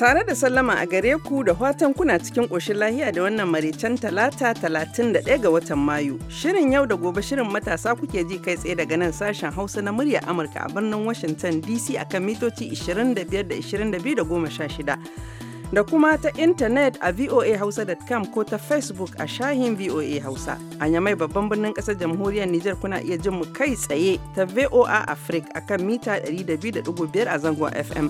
Tare da sallama a gare ku da fatan kuna cikin ƙoshin lahiya da wannan maraicen talata 31 ga watan Mayu. Shirin yau da gobe shirin matasa kuke ji kai tsaye daga nan sashen Hausa na murya Amurka a birnin Washington DC akan mitoci 25 da 22 da 16. Da kuma ta intanet a voahausa.com ko ta Facebook a shahin VOA Hausa. A yamai babban birnin ƙasar jamhuriyar niger kuna iya jin mu kai tsaye ta VOA Africa akan mita 102.5 a zango FM.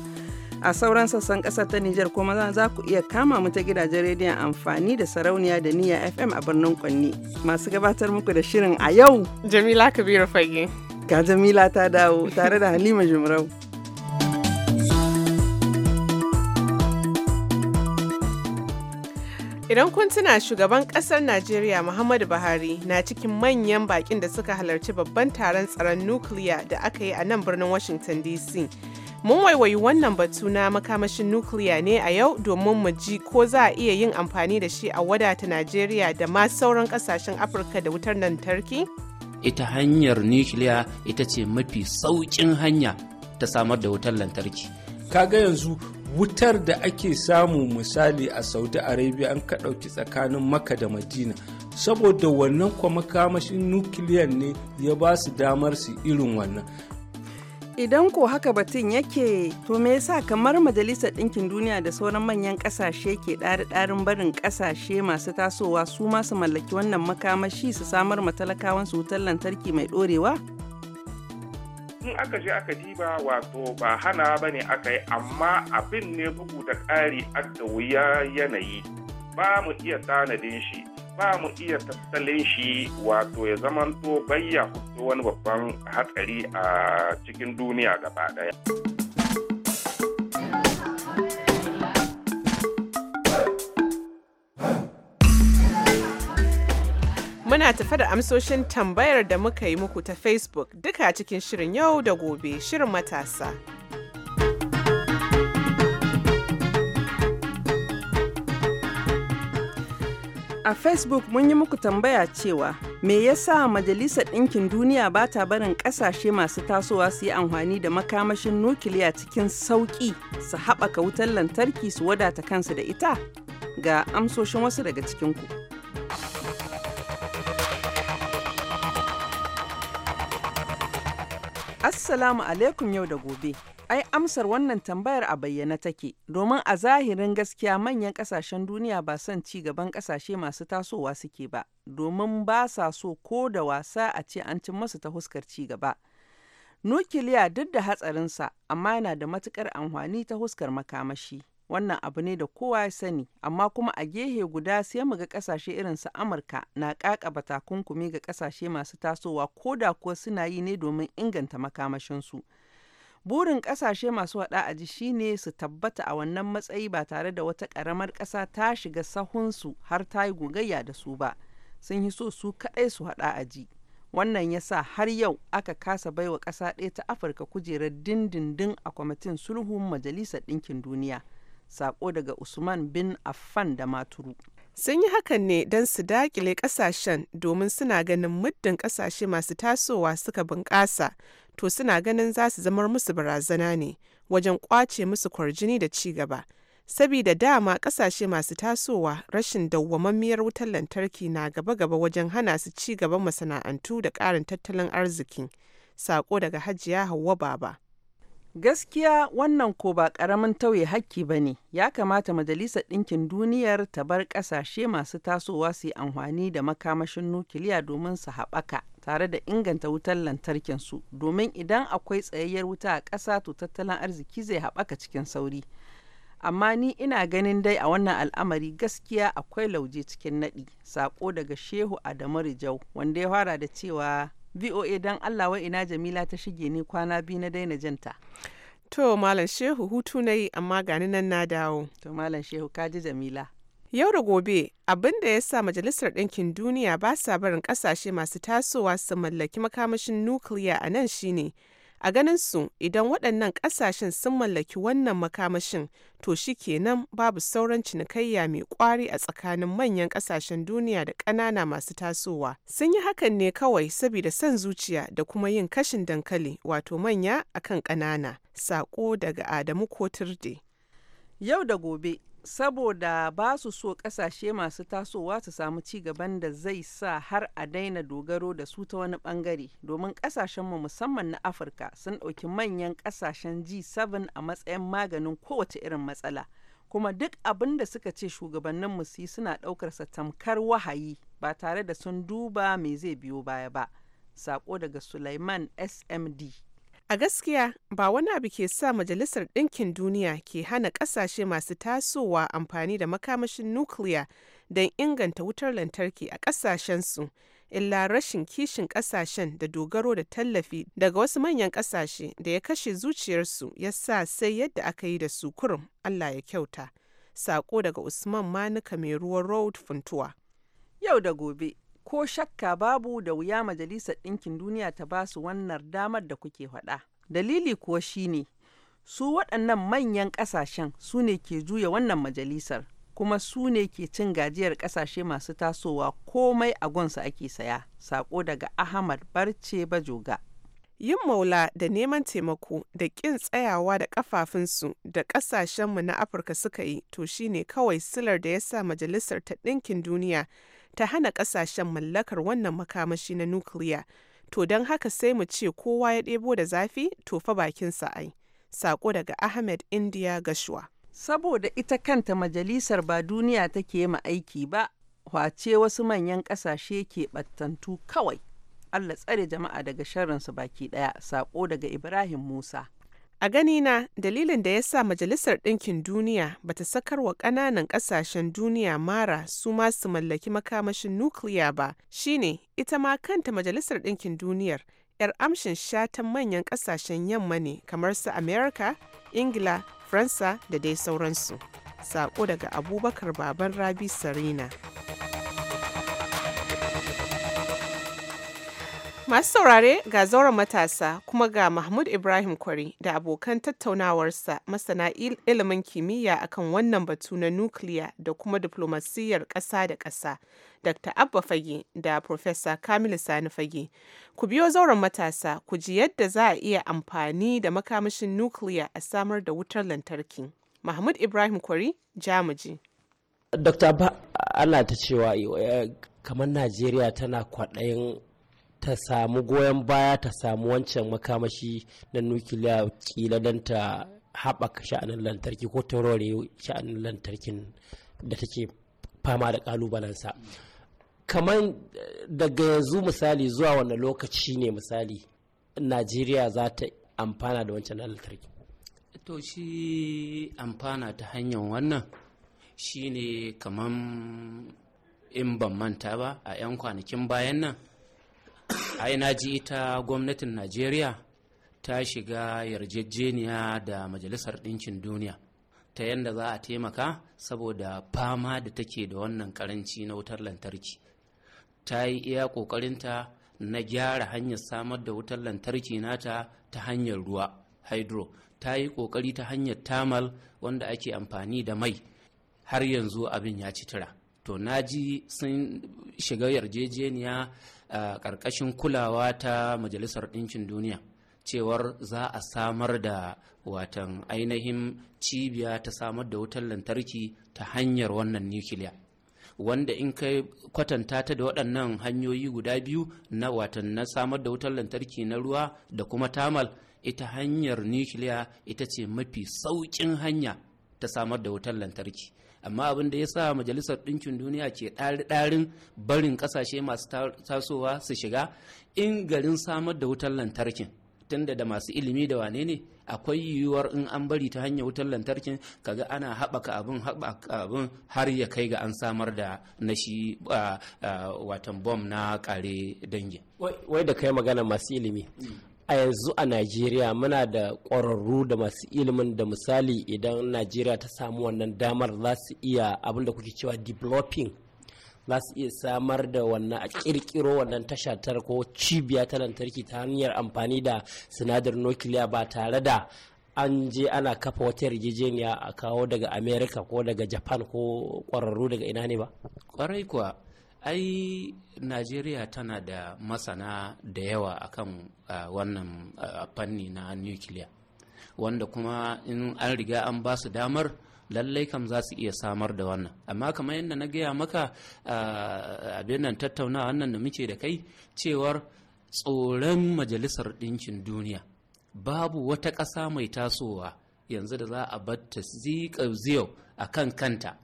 a sauran sassan kasar ta Nijar kuma za ku iya kama mu ta gidajen rediyon amfani da sarauniya da niyya FM a birnin Kwanni. Masu gabatar muku da shirin a yau. Jamila Kabiru Fage. Ga Jamila ta dawo tare da Halima Jumrau. Idan kun tuna shugaban kasar Najeriya Muhammadu Buhari na cikin manyan baƙin da suka halarci babban taron tsaron nukiliya da aka yi a nan birnin Washington DC. Mun waiwayi wannan batu na makamashin nukiliya ne a yau domin mu ji ko za a iya yin amfani da shi a wadata Najeriya da ma sauran kasashen Afirka da wutar lantarki? Ita hanyar nukiliya ita ce mafi sauƙin hanya ta samar da wutar lantarki. Kaga yanzu wutar da ake samu misali a Saudi Arabia an ka ɗauki tsakanin Makka da Madina. Saboda wannan kwa makamashin nukiliyan ne ya ba su damar su irin wannan. Idan ko haka batun yake, to me yasa kamar Majalisar Ɗinkin Duniya da sauran manyan ƙasashe ke ɗari ɗarin barin ƙasashe masu tasowa su ma su mallaki wannan makamashi su samar ma talakawan su wutar lantarki mai ɗorewa? In aka je aka diba wato ba hana ba ne aka yi amma abin ne bugu da ƙari aka wuya yanayi ba mu iya tanadin shi ba mu iya tattalin shi wato ya zamanto bayya hutu wani babban hatsari a cikin duniya gaba ɗaya. Muna tafa da amsoshin tambayar da muka yi muku ta Facebook duka cikin shirin yau da gobe shirin matasa. A Facebook mun yi muku tambaya cewa me yasa Majalisar Ɗinkin Duniya ba ta barin ƙasashe masu tasowa su yi amfani da makamashin nukiliya cikin sauƙi su haɓaka wutar lantarki su wadata kansu da ita? Ga amsoshin wasu daga cikinku. Assalamu alaikum yau da gobe. ai amsar wannan tambayar a bayyana take, domin a zahirin gaskiya manyan kasashen duniya ba son ci gaban kasashe masu tasowa suke ba, domin ba sa so ko da wasa a ce an cin masu ta huskar ci gaba. Nukiliya duk da hatsarinsa, amma yana da matukar amfani ta huskar makamashi. Wannan abu ne da kowa ya sani, amma kuma a gehe guda sai mu ga kasashe irin su Amurka na kaka batakunkumi ga kasashe masu tasowa ko da kuwa suna yi ne domin inganta makamashinsu. su. Burin kasashe masu a ji shine su tabbata a wannan matsayi ba tare da wata karamar kasa ta shiga sahunsu har ta yi gogayya da su ba. Sun yi so su kaɗai su hada a ji Wannan ya sa har yau aka kasa baiwa ƙasa ɗaya ta Afirka kujerar dindindin a kwamitin sulhun Majalisar Ɗinkin Duniya. Sako daga Usman bin Affan da Maturu. sun yi hakan ne don su dakile kasashen domin suna ganin muddin kasashe masu tasowa suka bunƙasa to suna ganin za su zamar musu barazana ne wajen kwace musu kwarjini da ci gaba. Sabida dama kasashe masu tasowa rashin dawwamammiyar wutar lantarki na gaba-gaba wajen hana su ci gaban masana'antu da ƙarin tattalin arziki. Sako daga Hajiya Hauwa Baba. Gaskiya wannan ko ba ƙaramin tauye hakki ba ne, ya kamata Majalisar Ɗinkin Duniyar ta bar ƙasashe masu tasowa su yi amfani da makamashin nukiliya domin su haɓaka. tare da inganta wutar lantarkinsu domin idan akwai tsayayyar wuta a ƙasa to tattalin arziki zai haɓaka cikin sauri amma ni ina ganin dai a wannan al'amari gaskiya akwai lauje cikin naɗi sako daga shehu adamu rijau wanda ya fara da cewa voa don allah wai ina jamila ta shige ni kwana biyu na daina jinta to malam shehu hutu na yi amma gani nan na dawo to malam shehu kaji jamila Yau da gobe abin da ya sa Majalisar Ɗinkin Duniya ba sa barin ƙasashe masu tasowa su mallaki makamashin nukiliya a nan shine a ganin su idan waɗannan ƙasashen sun mallaki wannan makamashin to shi kenan babu sauran cinikayya mai ƙwari a tsakanin manyan ƙasashen duniya da ƙanana masu tasowa. Sun yi hakan ne kawai saboda son zuciya da kuma yin kashin dankali wato manya akan ƙanana. Sako daga Adamu Kotirde. Yau da gobe saboda ba su so kasashe masu tasowa su samu ci gaban da zai sa har a daina dogaro da su ta wani bangare domin kasashenmu musamman na afirka sun ɗauki manyan kasashen g7 a matsayin maganin kowace irin matsala kuma duk abin da suka ce shugabannin yi suna ɗaukarsa tamkar wahayi ba tare da sun duba me zai biyo baya ba sako daga suleiman smd A gaskiya ba wani abu ke sa Majalisar Ɗinkin Duniya ke hana ƙasashe masu tasowa amfani da makamashin nukiliya don inganta wutar lantarki a ƙasashensu, illa rashin kishin ƙasashen da dogaro da tallafi daga wasu manyan ƙasashe da ya kashe zuciyarsu ya sa sai yadda aka yi da su kurum Allah ya kyauta. Sako daga Usman Manuka mai ruwan Road Funtuwa. Yau da gobe ko shakka babu da wuya majalisar ɗinkin duniya ta ba su wannan damar da kuke faɗa. Dalili kuwa shine su waɗannan manyan ƙasashen su ne ke juya wannan majalisar kuma su ne ke cin gajiyar ƙasashe masu tasowa komai a gonsa ake saya. saƙo daga Ahmad Barce Bajoga. Yin maula da neman taimako da ƙin tsayawa da ƙafafunsu da ƙasashenmu na Afirka suka yi to shine kawai silar da ya sa Majalisar ta Ɗinkin Duniya ta hana kasashen mallakar wannan makamashi na nukiliya to don haka sai mu ce kowa ya ɗebo da zafi to fa bakin ai sako daga ahmed india gashuwa saboda ita kanta majalisar ba duniya take ma aiki ba kwace wasu manyan ƙasashe ke battantu kawai allah tsare jama'a daga sharrinsu baki ɗaya sako daga ibrahim musa A ganina dalilin da ya sa Majalisar Ɗinkin Duniya ba ta sakar wa ƙananan ƙasashen duniya mara su ma su mallaki makamashin nukiliya ba shine ita ma kanta Majalisar Ɗinkin Duniyar 'yar amshin shatan manyan ƙasashen yamma ne kamar su Amerika, Ingila, Faransa da dai sauransu. saƙo daga Abubakar Baban Rabi Sarina. Masu saurare ga zauren matasa kuma ga Mahmud Ibrahim Kwari da abokan tattaunawarsa masana ilimin kimiyya akan wannan batu na nukiliya da kuma diplomasiyyar ƙasa da ƙasa. Dr. Abba Fage da Professor Kamilu Sani Fage. Ku biyo zauren matasa ku ji yadda za a iya amfani da makamashin nukiliya a samar da wutar lantarki. Mahmud Ibrahim Kwari, Jamuji. Dr. Abba, Allah ta cewa eh, kamar Najeriya tana kwaɗayin ta samu goyon baya ta samu wancan makamashi na nukiliya kila don ta haɓaka sha'anin lantarki ko ta rore sha'anin lantarkin da take fama da ƙalubalensa kamar eh, daga yanzu misali zuwa wani lokaci ne misali najeriya za ta amfana da wancan lantarki to shi amfana ta hanyar wannan shine kamar in ban manta ba a 'yan kwanakin bayan nan ai na ji ita gwamnatin najeriya ta shiga yarjejeniya da majalisar ɗinkin duniya ta yadda za a taimaka saboda fama da take da wannan karanci na wutar lantarki ta yi iya ƙoƙarinta na gyara hanyar samar da wutar lantarki nata ta hanyar ruwa hydro ta yi ƙoƙari ta hanyar tamal wanda ake amfani da mai har yanzu abin ya ci tura to na ji sun shiga yarjejeniya ƙarƙashin kulawa ta majalisar ɗinkin duniya cewar za a samar da watan ainihin cibiya ta samar da wutar lantarki ta hanyar wannan nukiliya wanda in kai kwatanta ta da waɗannan hanyoyi guda biyu na watan na samar da wutar lantarki na ruwa da kuma tamal ita hanyar nukiliya ita ce mafi sauƙin hanya ta samar da wutar lantarki amma abin da ya sa majalisar ɗinkin duniya ke ɗarin barin ƙasashe masu tasowa su shiga in garin samar da wutar lantarkin tunda da masu ilimi da wane ne akwai yiwuwar in an bari ta hanyar wutar lantarkin kaga ana haɓaka abin abin har ya kai ga an samar da na shi watan bom na ƙare dangin wai da kai magana masu ilimi mm. a yanzu a najeriya muna da ƙwararru da masu ilimin da misali idan najeriya ta samu wannan damar za su iya abin da kuke cewa developing za su iya samar da wannan a ƙirƙiro wannan tasha ko cibiya ta lantarki ta hanyar amfani da sinadar nukiliya ba tare da an je ana kafa wata yarjejeniya a kawo daga Amerika ko daga japan ko ƙwararru daga ina ne ba kwarai kuwa ai najeriya tana da masana da yawa akan uh, wannan fanni na nukiliya wanda kuma in an riga an ba su damar lallai kam za su iya samar da wannan amma kamar yadda na gaya maka abin nan tattauna wannan da muke da kai cewar tsoron majalisar ɗinkin duniya babu wata ƙasa mai tasowa yanzu da za a bar ta zika ziyau a kan kanta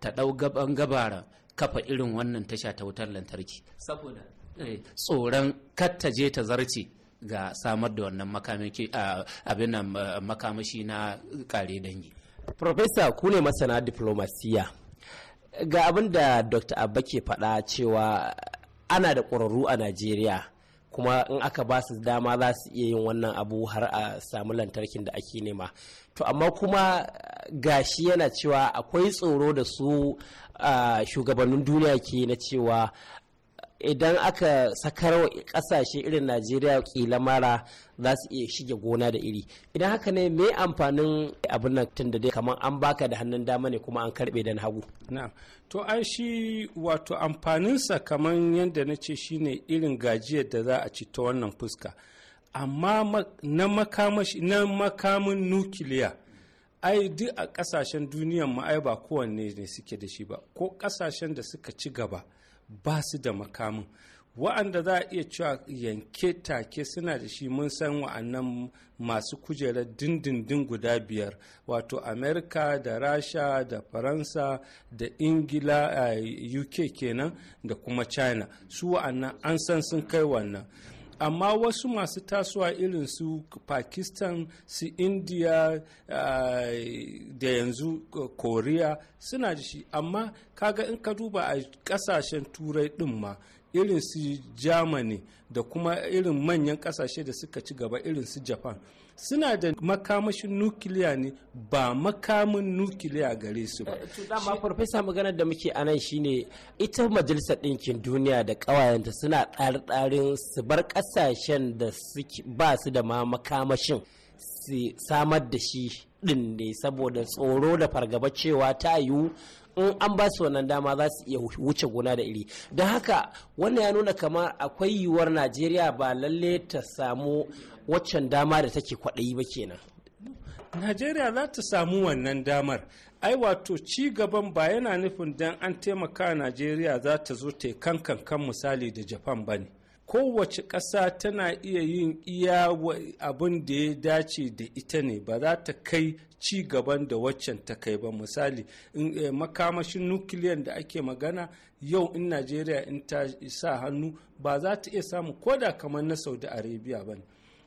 ta ɗau gaban gabara kafa irin wannan tasha ta wutar lantarki saboda eh, tsoron katta je ta zarce ga samar da wannan abin makamashi na kare dangi Profesa ku ne masana diplomasiya ga abin da dr abba ke faɗa cewa ana da ƙwararru a najeriya kuma in aka ba su dama za su iya yin wannan abu har a samu lantarkin da ake nema to amma kuma gashi yana cewa akwai tsoro da su shugabannin duniya ke na cewa idan aka sakar wa kasashe irin najeriya kila mara za su iya shige gona da iri idan haka ne me amfanin abin nan tun da dai kamar an baka da hannun dama ne kuma an karbe da hagu na to ai shi wato amfaninsa kamar yadda na ce shi ne irin gajiyar da za a ci ta wannan fuska amma na makamin nukiliya ai duk a kasashen duniyan ma ai ba kowanne ne suke da shi ba ko kasashen da suka ci gaba ba su da makamin wa'anda za a iya cewa yanke take suna da shi mun san wa'annan masu kujerar dindindin guda biyar wato amerika da rasha da faransa da ingila uh, eh, uk kenan da kuma china su wa'annan an san sun kai wannan amma wasu masu tasowa irin su pakistan su india da yanzu korea suna da shi amma kaga in ka duba a kasashen turai din ma irin su germany da kuma irin manyan kasashe da suka ci gaba irin su japan suna da makamashin nukiliya ne ba makamin nukiliya gare su ba eh, amma farfesa maganar da muke anan shine ita majalisar ɗinkin duniya da ƙawayenta suna tsare su bar ƙasashen da ba su da ma makamashin su samar da shi din ne saboda tsoro da fargaba cewa ta yiwu in an ba su wannan dama za su iya wuce gona da iri don haka wannan ya nuna kamar akwai yiwuwar najeriya ba lalle ta samu waccan dama da take kwaɗayi ba kenan najeriya za ta samu wannan damar ai wato ci gaban ba yana nufin don an taimaka najeriya za ta zo ta kankan kan misali da japan ba ne kowace ƙasa tana iya yin iya abin da ya dace da ita ne ba za ta kai ci gaban da waccan ta kai ba misali eh, makamashin nukiliyan da ake magana yau in najeriya in ta sa hannu ba za ta iya samu koda kamar na saudi arabia ba ne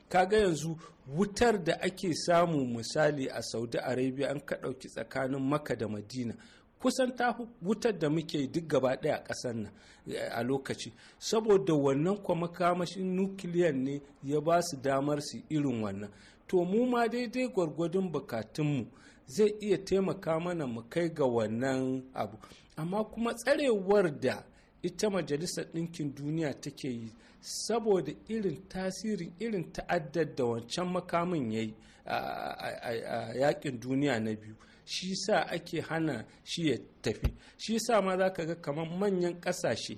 kaga yanzu wutar da ake samu misali a saudi arabia an ka ɗauki tsakanin maka da madina kusan ta wutar da muke duk gaba ɗaya a ƙasar nan eh, a lokaci saboda wannan kwa makamashin nukiliyan ne ya ba su damar su irin wannan to mu ma daidai gwargwadon bukatunmu zai iya taimaka mana mu kai ga wannan abu amma kuma tsarewar da ita majalisar ɗinkin duniya take yi saboda irin tasirin irin ta'addar da wancan makamin ya yi a yakin duniya na biyu shi sa ake hana shi ya tafi shi sa ma za ka ga kamar manyan ƙasashe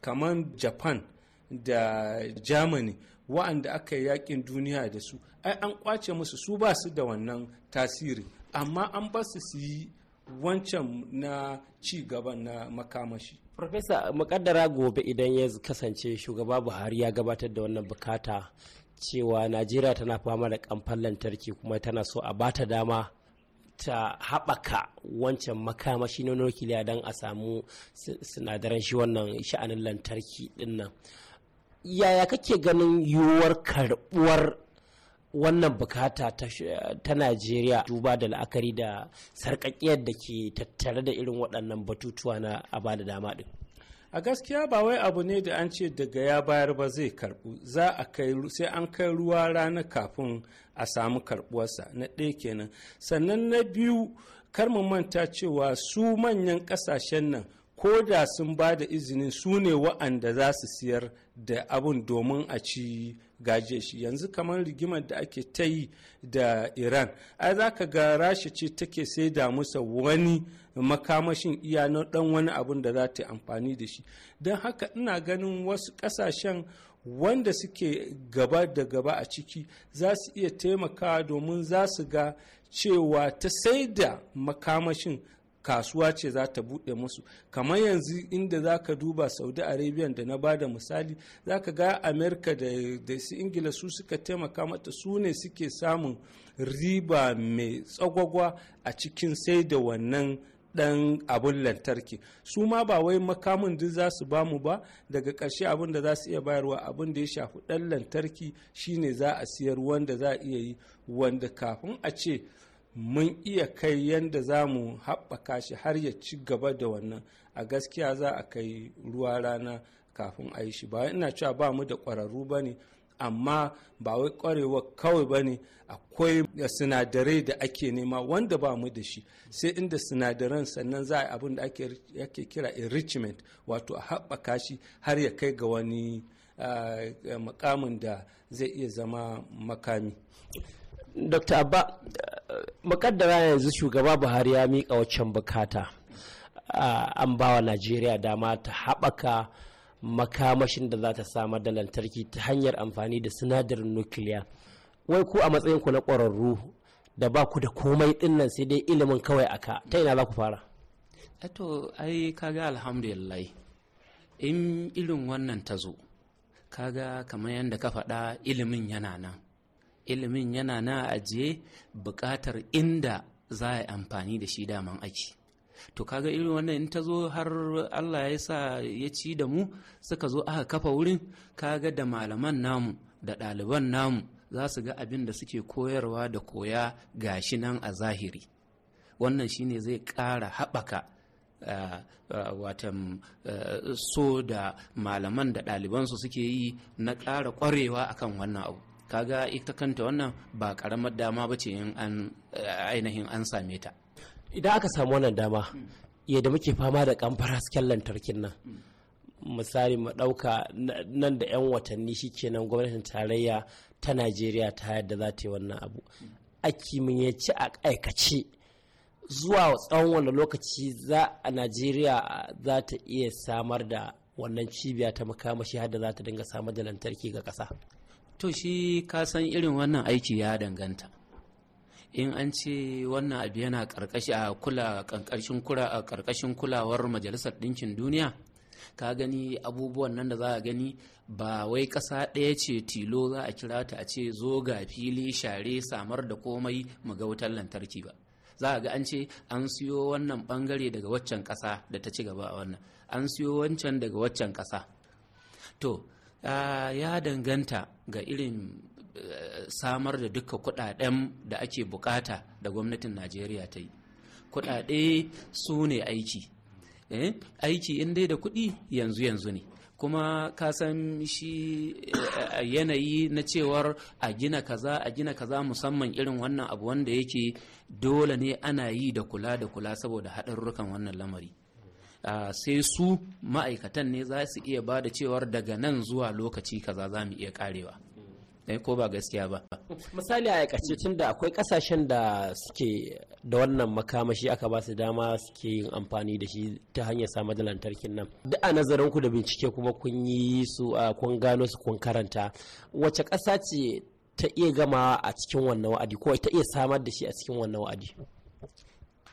kamar japan da germany wa'anda aka yi yakin duniya da su ai an kwace musu su ba su da wannan tasiri amma an ba su su yi wancan na ci gaba na makamashi Profesa makaddara gobe idan ya kasance shugaba buhari ya gabatar da wannan bukata cewa najeriya tana fama da kamfan lantarki kuma tana so a bata dama ta haɓaka wancan makamashi na nukiliya don a samu sinadaran shi wannan sha'anin lantarki dinnan yaya kake ganin yiwuwar karbuwar wannan bukata ta najeriya duba da la'akari da sarkakiyar da ke tattare da irin waɗannan batutuwa na a ba da dama ɗin a gaskiya ba wai abu ne da an ce daga ya bayar ba zai karbu za a kai sai an kai ruwa rana kafin a samu karbuwarsa na ɗaya kenan sannan na biyu kar manta cewa su manyan ƙasashen nan ko da sun ba da izinin su ne wa'anda za su siyar da abun domin a ci gaje shi yanzu kamar rigimar da ake ta yi da iran ai za ka ga rasha ce take sai da musa wani makamashin iya na dan wani abun da za ta yi amfani da shi don haka ina ganin wasu kasashen wanda suke gaba da gaba a ciki za su iya taimakawa domin za su ga cewa ta sai da makamashin kasuwa ce za ta buɗe musu kamar yanzu inda za ka duba saudi arabia da na bada misali za ka ga amerika da su ingila su suka taimaka mata su ne suke samun riba mai tsagwagwa a cikin sai da wannan dan abun lantarki su ma ba wai makamin duk za su bamu ba daga karshe abin da za su iya bayarwa abin da ya shafi dan lantarki shine za a siyar wanda za a iya yi wanda kafin a ce mun iya kai yadda za mu haɓaka shi har ya ci gaba da wannan a gaskiya za a kai ruwa rana kafin a yi shi ba ina cewa ba mu da ƙwararru ba ne amma ba wai ƙwarewa kawai ba ne akwai sinadarai da ake nema wanda ba mu da shi sai inda sinadaran sannan za a abin da ake kira enrichment wato a haɓaka shi har ya kai ga wani eh, makamin da zai iya zama makami dr abba eh, makaddara yanzu shugaba buhari ya miƙa waccan bukata eh, an bawa najeriya dama ta haɓaka makamashin da za ta samar da lantarki ta hanyar amfani da sinadarin nukiliya wai ku a matsayin ku na ƙwararru da ba ku da komai dinnan sai dai ilimin kawai aka ta ina za ku fara eh to ai kaga alhamdulillah in irin wannan ta zo kaga kamar yadda ka faɗa ilimin yana nan ilimin yana na ajiye buƙatar inda za a yi amfani da shi daman aiki to kaga irin wannan in ta zo har allah ya sa ya ci da mu suka zo aka kafa wurin kaga da malaman namu da ɗaliban namu za su ga abin da suke koyarwa da koya gashi nan a zahiri wannan shine zai ƙara haɓaka wata eh, eh, watan eh, so da malaman da ɗalibansu suke yi na ƙara ƙwarewa akan wannan abu kaga ita kanta wannan ba karamar dama ba ce in an eh, ainihin an same ta idan aka samu wannan dama yadda muke fama da kamfar hasken lantarkin nan misali mu ɗauka nan da 'yan watanni shi shikenan gwamnatin tarayya ta najeriya ta yadda za ta yi wannan abu a kimiyyaci a aikace zuwa tsawon wanda lokaci za a najeriya za ta iya samar da wannan cibiya ta makamashi har da za ta dinga samar da lantarki ga ƙasa to shi ka san irin wannan aiki ya danganta in an ce wannan abu yana karkashi a kula karkashin kula a karkashin kulawar majalisar ɗinkin duniya ka gani abubuwan nan da za a gani ba wai ƙasa ɗaya ce tilo za a kira ta a ce zo ga fili share samar da komai mu ga wutar lantarki ba za a ga an ce an siyo wannan bangare daga waccan ƙasa da ta ci gaba a wannan an siyo wancan daga waccan ƙasa to Ah, ya danganta ga irin eh, samar da duka kudaden da ake bukata da gwamnatin najeriya ta yi kudade su ne aiki eh, aiki in dai da kudi yanzu yanzu ne kuma ka san shi eh, yanayi na cewar a gina kaza a gina kaza musamman irin wannan abu wanda yake dole ne ana yi da kula da kula saboda haɗarurrukan wannan lamari sai su ma'aikatan ne za su iya ba da cewar daga nan zuwa lokaci kaza za mu iya karewa dai eh, ko ba gaskiya ba misali a aikace tunda akwai kasashen da suke da wannan makamashi aka ba su dama suke yin amfani da shi ta hanyar samar lantarkin nan duk a nazarin ku da bincike kuma kun yi su kun gano su kun karanta wace ƙasa ce ta iya gama a cikin wannan wa'adi ko ta iya samar da shi a cikin wannan wa'adi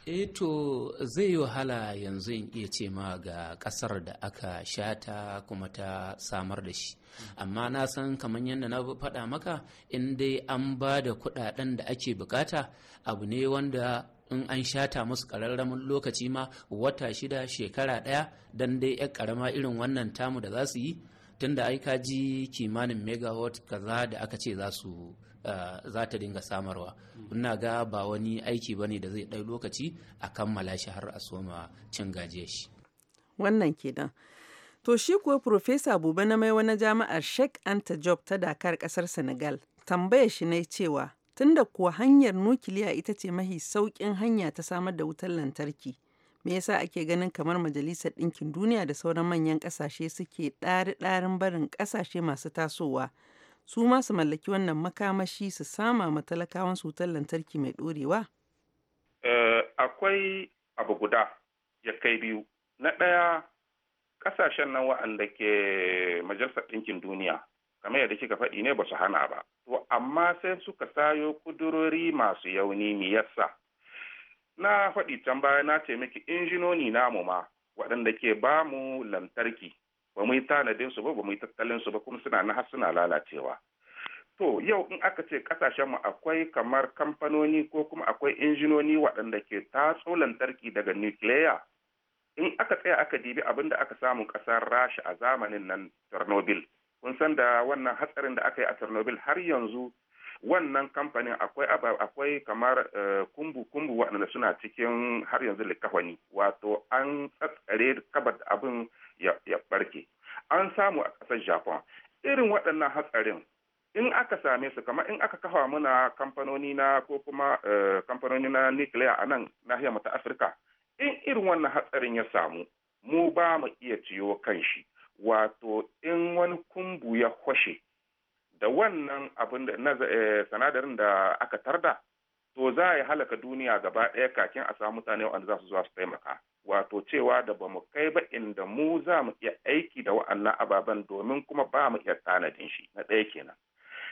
Eto eh zai yi wahala yanzu in iya ce ma ga kasar da aka shata kuma ta samar da shi amma na san kamar yadda na faɗa maka in dai an ba da kuɗaɗen da ake bukata abu ne wanda in an shata musu ƙararramin lokaci ma wata shida shekara ɗaya don dai 'yar ƙarama irin wannan tamu da za su yi tunda ai ji kimanin megawatt kaza da aka ce za su Eh, za ta dinga samarwa ina ga ba wani aiki bane da zai ɗau lokaci a kammala shi har a soma cin gajiyar shi wannan kenan to shi kuwa profesa buba na mai wani jami'ar sheikh anta job ta dakar kasar senegal tambaya shi na cewa tunda kuwa hanyar nukiliya ita ce mahi sauƙin hanya ta samar da wutar lantarki me yasa ake ganin kamar majalisar ɗinkin duniya da sauran manyan ƙasashe suke ɗari-ɗarin barin ƙasashe masu tasowa su ma su mallaki wannan makamashi su sama ma talakawan su wutar lantarki mai ɗorewa? Eh, akwai abu guda ya kai biyu na ɗaya ƙasashen nan wa'anda ke majalisar ɗinkin duniya kamar yadda kika faɗi ne ba su hana ba to amma sai suka sayo kudurori masu yauni mi na faɗi can baya na ce miki injinoni namu ma waɗanda ke ba mu lantarki ba mu yi tanadin su ba ba mu yi tattalin su ba kuma suna na har suna lalacewa to yau in aka ce kasashen mu akwai kamar kamfanoni ko kuma akwai injinoni waɗanda ke tatso lantarki daga nukiliya in aka tsaya aka dibi abin da aka samu ƙasar rasha a zamanin nan chernobyl kun san da wannan hatsarin da aka yi a chernobyl har yanzu wannan kamfanin akwai akwai kamar kumbu-kumbu eh, waɗanda suna cikin har yanzu likafani wato an tsatsare kabar abin ya barke an samu a ƙasar japan irin waɗannan hatsarin in aka same su kamar in aka kafa muna kamfanoni na ko kuma eh, kamfanoni na nukiliya a nan nahiyar ta afirka in irin wannan hatsarin ya samu mu ba mu iya ciyo kan shi wato in wani kumbu ya kwashe da wannan abin da na eh, sanadarin da aka tarda to za a yi halaka duniya gaba ɗaya kakin a samu mutane wanda za su zuwa su taimaka wato cewa da ba mu kai ba inda mu za mu iya aiki da wa'annan ababen domin kuma ba mu iya tanadin shi na ɗaya kenan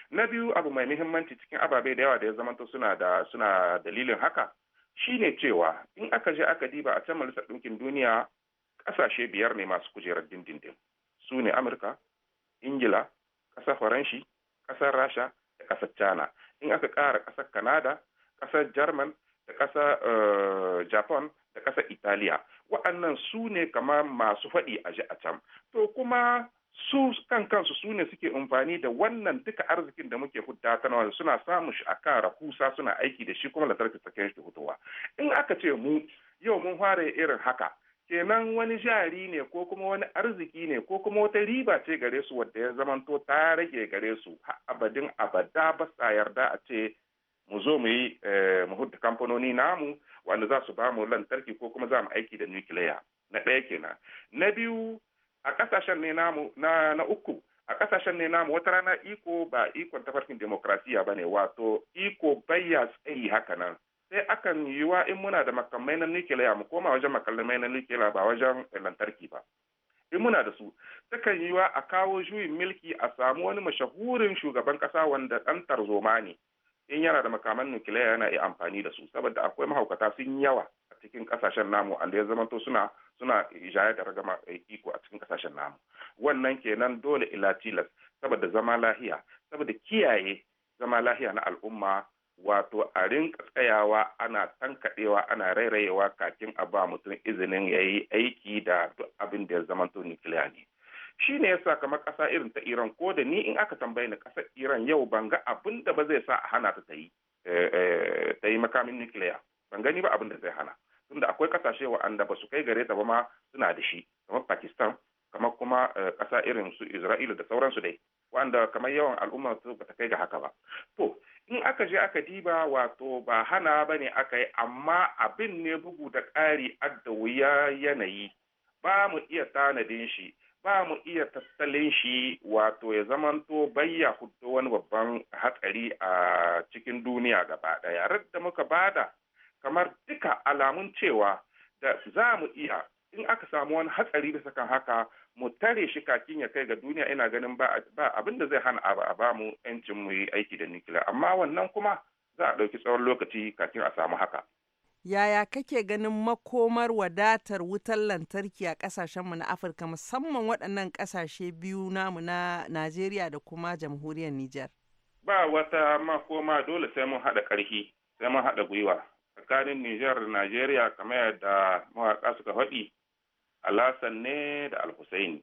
na biyu abu mai muhimmanci cikin ababe da yawa da ya zamanto suna da suna dalilin haka shine cewa in aka je aka diba a can majalisar ɗinkin duniya ƙasashe biyar ne masu kujerar dindindin su ne amurka ingila ƙasar faranshi ƙasar rasha da ƙasar china in aka ƙara ƙasar kanada ƙasar german da ƙasa eh, japan da ƙasa italiya waɗannan su ne kamar masu faɗi a ji a can to kuma su kan kansu su ne suke amfani da wannan duka arzikin da muke hudda ta suna samun shi akan rahusa suna aiki da shi kuma lantarki ta kai shi hutuwa in aka ce mu yau mun fara irin haka kenan wani jari ne ko kuma wani arziki ne ko kuma wata riba ce gare su wadda ya zamanto ta rage gare su abadin abada ba sa yarda a ce mu zo mu yi eh, mu hudda kamfanoni namu wanda za su ba mu lantarki ko kuma za mu aiki da nukiliya na ɗaya kenan na biyu a ƙasashen ne namu na na uku a ƙasashen ne namu wata rana iko ba ikon tafarkin demokrasiya ba ne wato iko bayya tsayi haka nan sai akan yiwa in muna da makamai na nukiliya mu koma wajen makamai na nukiliya ba wajen lantarki ba in muna da su takan yiwa a kawo juyin milki a samu wani mashahurin shugaban ƙasa wanda ɗan tarzoma ne in yana da makaman nukiliya yana iya amfani da su saboda akwai mahaukata sun yawa a cikin kasashen namu a ya zamanto suna suna jaya da ragama eh, iko a cikin kasashen namu wannan kenan dole ila tilas saboda zama lahiya saboda kiyaye zama lahiya na al'umma wato a rinka tsayawa ana tankaɗewa ana rairayewa kafin a ba mutum izinin ya yi aiki da abin da ya zamanto nukiliya ne shi ne yasa kamar ƙasa irin ta Iran ko da ni in aka tambaye ni ƙasar Iran yau ban ga abin da ba zai sa a hana ta yi eh, eh, ta yi makamin nukiliya ban gani ba abin da zai hana tunda akwai ƙasashe wa'anda ba su kai gare ta ba ma suna da shi kamar Pakistan kamar kuma eh, ƙasa irin su Isra'ila da sauransu dai wanda kamar yawan al'umma su ba ta kai ga haka ba to in aka je aka diba wato ba hana ba ne aka yi amma abin ne bugu da ƙari adda wuya yanayi ba mu iya tanadin shi ba mu iya tattalin shi wato ya zamanto bayya hudu wani babban hatsari a cikin duniya gaba ɗaya da muka bada kamar duka alamun cewa da za mu iya in aka samu wani hatsari da sakan haka mu tare shi kakin ya kai ga duniya ina ganin ba abin da zai hana a ba mu 'yancin mu yi aiki da nikila amma wannan kuma za a ɗauki tsawon lokaci kakin a samu haka. Yaya kake ganin makomar wadatar wutar lantarki a kasashenmu na Afirka musamman waɗannan ƙasashe biyu namu na Najeriya da kuma jamhuriyar Nijar? Ba wata makoma dole sai mun haɗa ƙarfi, sai mun haɗa gwiwa. Tsakanin Nijar da Najeriya kamar yadda mawaƙa suka faɗi, Alasan ne da alhussein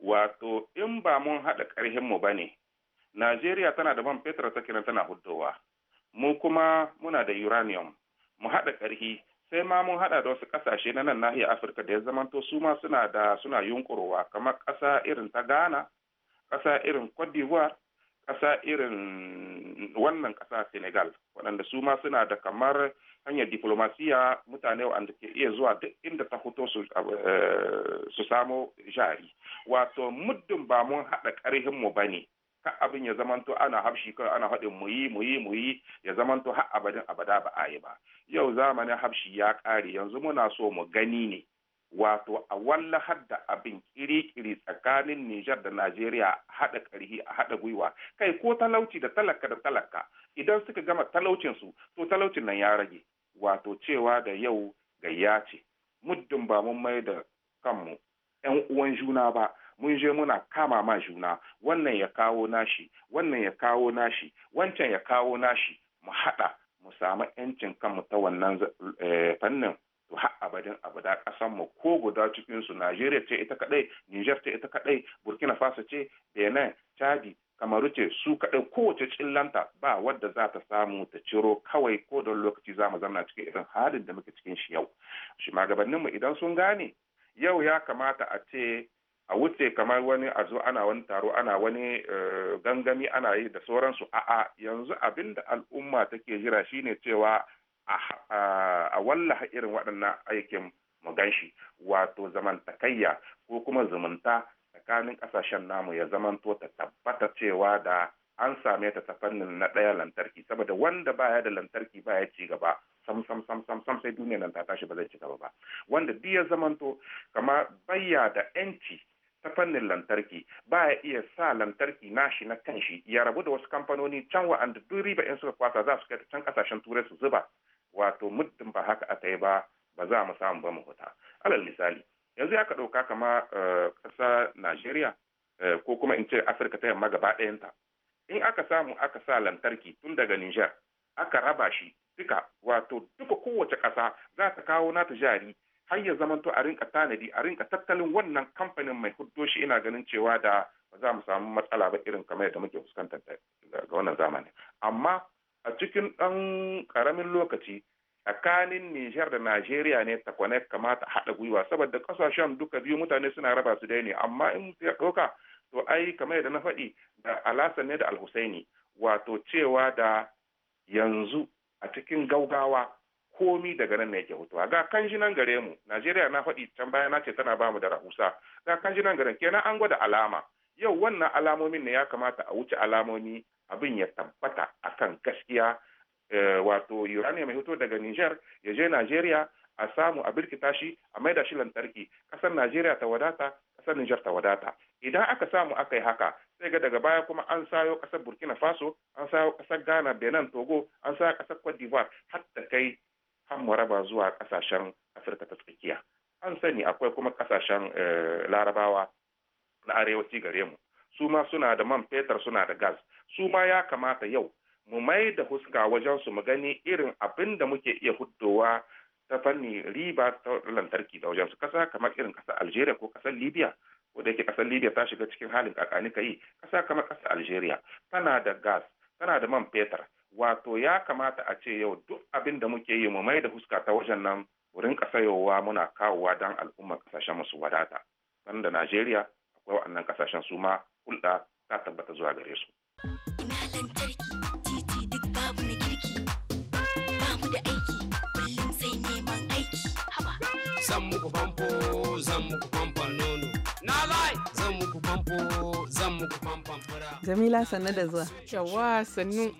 Wato, in ba mun haɗa ƙarfinmu ba ne, Najeriya tana da man fetur ta tana huddowa, mu kuma muna da uranium. mu haɗa ƙarfi sai ma mun haɗa da wasu ƙasashe na nan nahiyar afirka da ya zamanto su ma suna da suna yunkurowa kamar ƙasa irin ta ghana ƙasa irin cote d'ivoire ƙasa irin wannan ƙasa senegal waɗanda su ma suna da kamar hanyar diplomasiya mutane waɗanda ke iya zuwa duk inda ta fito su eh, samo jari wato muddin ba mun haɗa ƙarhinmu ba ne ka abin ya zamanto ana habshi kai ana haɗin muyi muyi muyi ya zamanto har abadin abada ba a yi ba yau zamanin habshi ya ƙare yanzu muna so mu gani ne wato a wallahar da abin kiri-kiri tsakanin Nijar da Najeriya haɗa ƙarhi a haɗa gwiwa kai ko talauci da talaka da talaka idan suka gama su to talaucin nan ya rage wato cewa da yau gayya ce muddin ba mun mai da kanmu 'yan uwan juna ba mun je muna kama ma juna wannan ya kawo nashi wannan ya kawo nashi wancan ya kawo nashi mu haɗa mu samu 'yancin kanmu ta wannan eh, fannin to har abadin da ƙasar mu ko guda cikin su Najeriya ce ita kadai Niger ce ita kadai Burkina Faso ce Benin Chadi Kamaru ce su kadai kowace cillanta ba wadda za ta samu ta ciro kawai ko don lokaci za mu zama cikin irin halin da muke cikin shi yau shi magabannin mu idan sun gane yau ya kamata a ce a wuce kamar wani a zo ana wani taro ana wani eh, gangami ana yi da sauransu a'a yanzu abin da al'umma take jira shine cewa a wallaha irin waɗannan aikin mu ganshi wato zamantakayya ko kuma zumunta tsakanin ƙasashen namu ya zamanto ta tabbata cewa da an same ta ta fannin na ɗaya lantarki saboda wanda baya da lantarki baya ci gaba sam sam sam sam sam sai duniya nan ta tashi ba zai ci gaba ba wanda duk ya zamanto kama bayya da yanci ta fannin lantarki ba ya iya sa lantarki nashi na kanshi ya rabu da wasu kamfanoni can wa'anda duk riba in suka kwasa za su kai can kasashen turai su zuba wato muddin ba haka aka yi ba ba za mu samu ba mu huta alal misali yanzu aka ɗauka kama eh, ƙasa najeriya eh, ko kuma in ce afirka ta yamma gaba ɗayanta in aka samu aka sa lantarki tun daga niger aka raba shi duka wato duka kowace ƙasa za ta kawo nata jari har ya zamanto a rinka tanadi a rinka tattalin wannan kamfanin mai huddo shi ina ganin cewa da ba za mu samu matsala ba irin kamar yadda muke fuskantar ga wannan zamani amma a cikin ɗan ƙaramin lokaci tsakanin Nijar da Najeriya ne takwane kamata haɗa gwiwa saboda ƙasashen duka biyu mutane suna raba su dai ne amma in ya ɗauka to ai kamar yadda na faɗi da Alhassan ne da Alhusaini wato cewa da yanzu a cikin gaugawa komi daga nan ne yake hutuwa ga kanji nan gare mu najeriya na faɗi can baya na ce tana ba mu da rahusa ga kanji nan gare kenan an gwada alama yau wannan alamomin ne ya kamata a wuce alamomi abin ya tabbata kan gaskiya eh, wato uranium mai hoto daga niger ya je najeriya a samu a birkita shi a maida shi lantarki ƙasar najeriya ta wadata ƙasar niger ta wadata idan aka samu aka yi haka sai ga daga baya kuma an sayo ƙasar burkina faso an sayo ƙasar ghana benin togo an sayo ƙasar cote d'ivoire har ta kai har maraba zuwa kasashen afirka ta tsakiya an sani akwai kuma kasashen eh, larabawa na arewaci gare mu su ma suna da man fetur suna da gas su ma ya kamata yau mu mai da huska wajen su mu gani irin abin da muke iya huddowa ta fanni riba ta lantarki da wajen su kasa kamar irin kasa algeria ko kasar libya ko da yake kasar libya ta shiga cikin halin kakani kai kasa kamar kasar algeria tana da gas tana da man fetur wato ya kamata a ce yau duk abin da muke yi mu mai da huska ta wajen nan wurin kasayowa muna kawowa dan al'ummar kasashen masu wadata sannan da najeriya akwai wa'annan kasashen su ma hulɗa ta tabbata zuwa gare su zan muku famfo zan muku muku Jamila sannu da zuwa. Yawa sannu.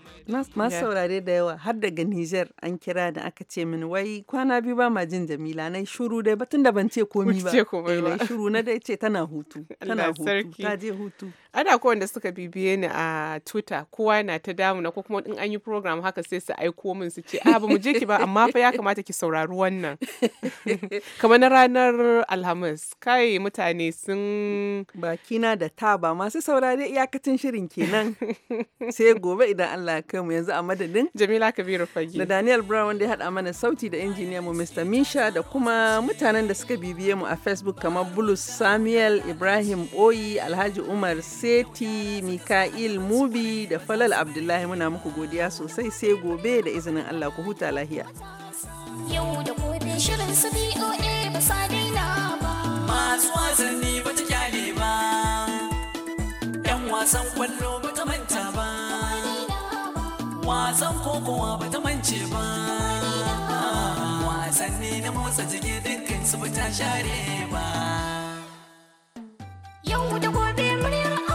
Masu saurare da yawa har daga Nijar an kira da aka ce min wai kwana biyu ba ma jin Jamila na shuru dai batun da ban ce komi ba. Ban ce komai eh, ba. Shuru na dai ce tana hutu. Tana hutu. Ta je hutu. ana ko wanda suka bibiye ni a twitter kowa na ta damuna ko kuma in an yi program haka sai su aiko min su ce a ah, ba mu je ki ba amma fa ya kamata ki saurari wannan kamar na ranar alhamis kai mutane sun bakina da taba masu saurari iyakacin shirin kenan sai gobe idan Allah ya mu yanzu a madadin Jamila Kabiru Fagi da Daniel Brown wanda ya haɗa mana sauti da injiniya mu Mr. Misha da kuma mutanen da suka bibiye mu a Facebook kamar Bulus Samuel Ibrahim oyi Alhaji Umar Seti Mika'il Mubi da Falal Abdullahi muna muku godiya sosai sai gobe da izinin Allah ku huta lahiya. Yau da gobe shirin wasan kwallo ba ta manta kokowa ba ta mance ba. Wasanni na motsa jiki dukkan su ba ta share ba. Yau da gobe muryar